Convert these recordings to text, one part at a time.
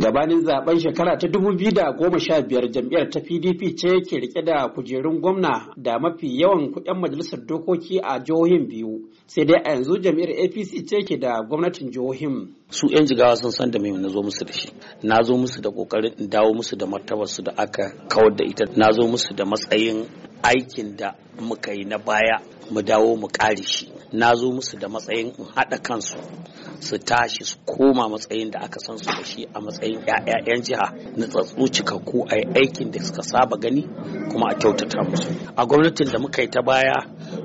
gabanin zaben shekara ta 2015 jam'iyyar ta pdp ce ke rike da kujerun gwamna da mafi yawan kuɗin majalisar dokoki a jihohin biyu sai dai a yanzu jam'iyyar apc ce ke da gwamnatin jihohin su 'yan jigawa sun san da mai na zo musu da shi na zo musu da kokarin in dawo musu da martabar su da aka kawar da ita na zo musu da matsayin aikin da muka yi na baya mu dawo mu kare shi na zo musu da matsayin in haɗa kansu su tashi su koma matsayin da aka san su da shi a matsayin 'ya'yan jiha na tsatsu cikakku a aikin da suka saba gani kuma a kyautata musu a gwamnatin da muka yi ta baya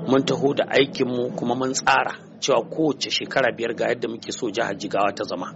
mun taho da aikinmu kuma mun tsara cewa kowace shekara biyar ga yadda muke so jihar jigawa ta zama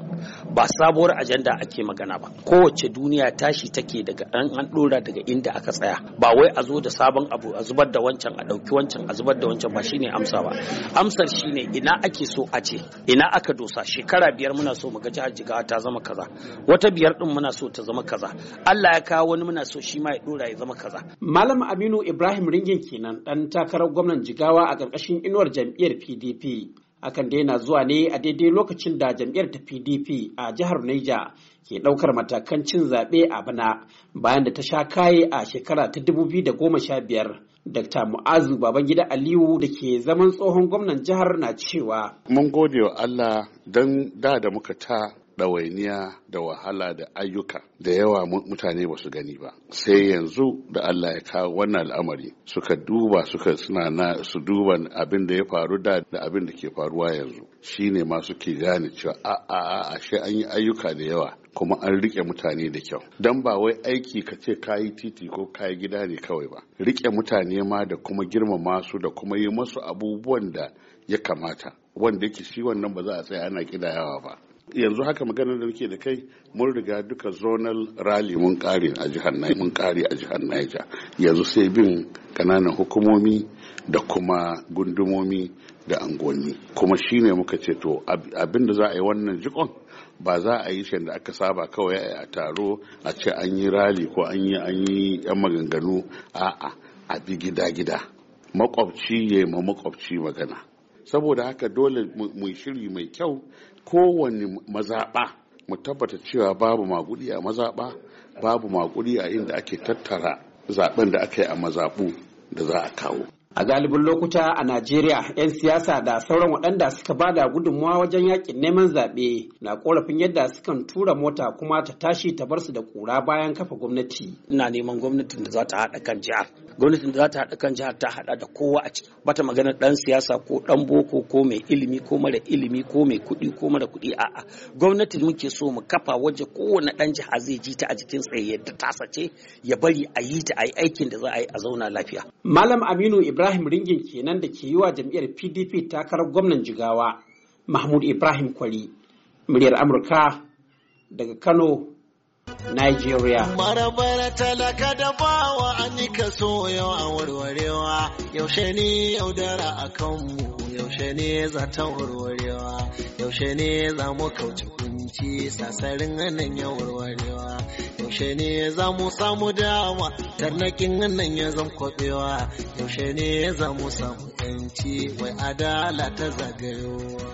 ba sabuwar ajanda ake magana ba kowace duniya tashi take daga an an dora daga inda aka tsaya ba wai a zo da sabon abu a zubar da wancan a dauki wancan a zubar da wancan ba shine amsa ba amsar shine ina ake so a ce ina aka dosa shekara biyar muna so mu ga jihar jigawa ta zama kaza wata biyar din muna so ta zama kaza Allah ya kawo wani muna so shi ma ya dora ya zama kaza malam Aminu Ibrahim Ringin kenan dan takarar gwamnan Jigawa a karkashin inuwar jam'iyyar PDP akan daina zuwa ne a daidai lokacin da jam'iyyar ta pdp a jihar niger ke ɗaukar matakan cin zaɓe a bana bayan da ta sha kaye a shekara ta 2015 dr mu'azu babangida aliyu da ke zaman tsohon gwamnan jihar na cewa mun gode wa allah don da da muka ta ɗawainiya da wahala da ayyuka da yawa mutane ba su gani ba sai yanzu da Allah ya kawo wannan al'amari suka duba suka suna na su duba abin da ya faru da da abin da ke faruwa yanzu shine ma suke gane cewa a a a ashe an yi ayyuka da yawa kuma an rike mutane da kyau Don ba wai aiki ka ce ka yi titi ko ka yi gida ne kawai ba rike mutane ma da kuma girmama su da kuma yi masu abubuwan da ya kamata wanda yake shi wannan ba za a tsaya ana kidayawa ba yanzu haka magana da nake da kai mun riga duka zonal rally mun kare a jihar Niger mun kare a jihar Niger yanzu sai bin kananan hukumomi da kuma gundumomi da angoni kuma shine muka ce to abinda za a yi wannan jikon ba za a yi shi da aka saba kawai a taro a ce an yi rali ko an yi an yi yan maganganu a'a a bi gida gida makwabci ya yi ma makwabci magana saboda haka dole mu shiri mai kyau kowane mazaɓa mu tabbata cewa babu maguɗi a mazaɓa babu maguɗi a inda ake tattara zaɓen da aka yi a mazaɓu da za a kawo a galibin lokuta a najeriya 'yan siyasa da sauran waɗanda suka ba da gudunmawa wajen yakin neman zaɓe na korafin yadda sukan tura mota kuma ta tashi ta bar su da ƙura bayan kafa gwamnati ina neman gwamnatin da za ta haɗa kan jihar gwamnatin da za ta haɗa kan jihar ta haɗa da kowa a ciki bata magana ɗan siyasa ko ɗan boko ko mai ilimi ko mara ilimi ko mai kuɗi ko mara kuɗi a'a gwamnatin muke so mu kafa waje kowane ɗan jiha zai ji ta a jikin tsaye yadda tasa ce ya bari a yi ta a yi aikin da za a yi a zauna lafiya malam aminu ibrahim Ibrahim Ringin kenan da ke yi wa jam'iyyar PDP takarar gwamnan Jigawa, Mahmud Ibrahim Kwari, muryar Amurka daga Kano, Nigeria. Marabar talaka da bawa an yi kaso yau a warwarewa, yaushe ne yaudara a kanmu, yaushe ne ta warwarewa, yaushe ne za mu kauce kunci sasarin nan ya warwarewa. yaushe ne za mu samu dama tarnakin nan ya zan kwabewa yaushe ne za mu samu yanci wai adala ta zagayowa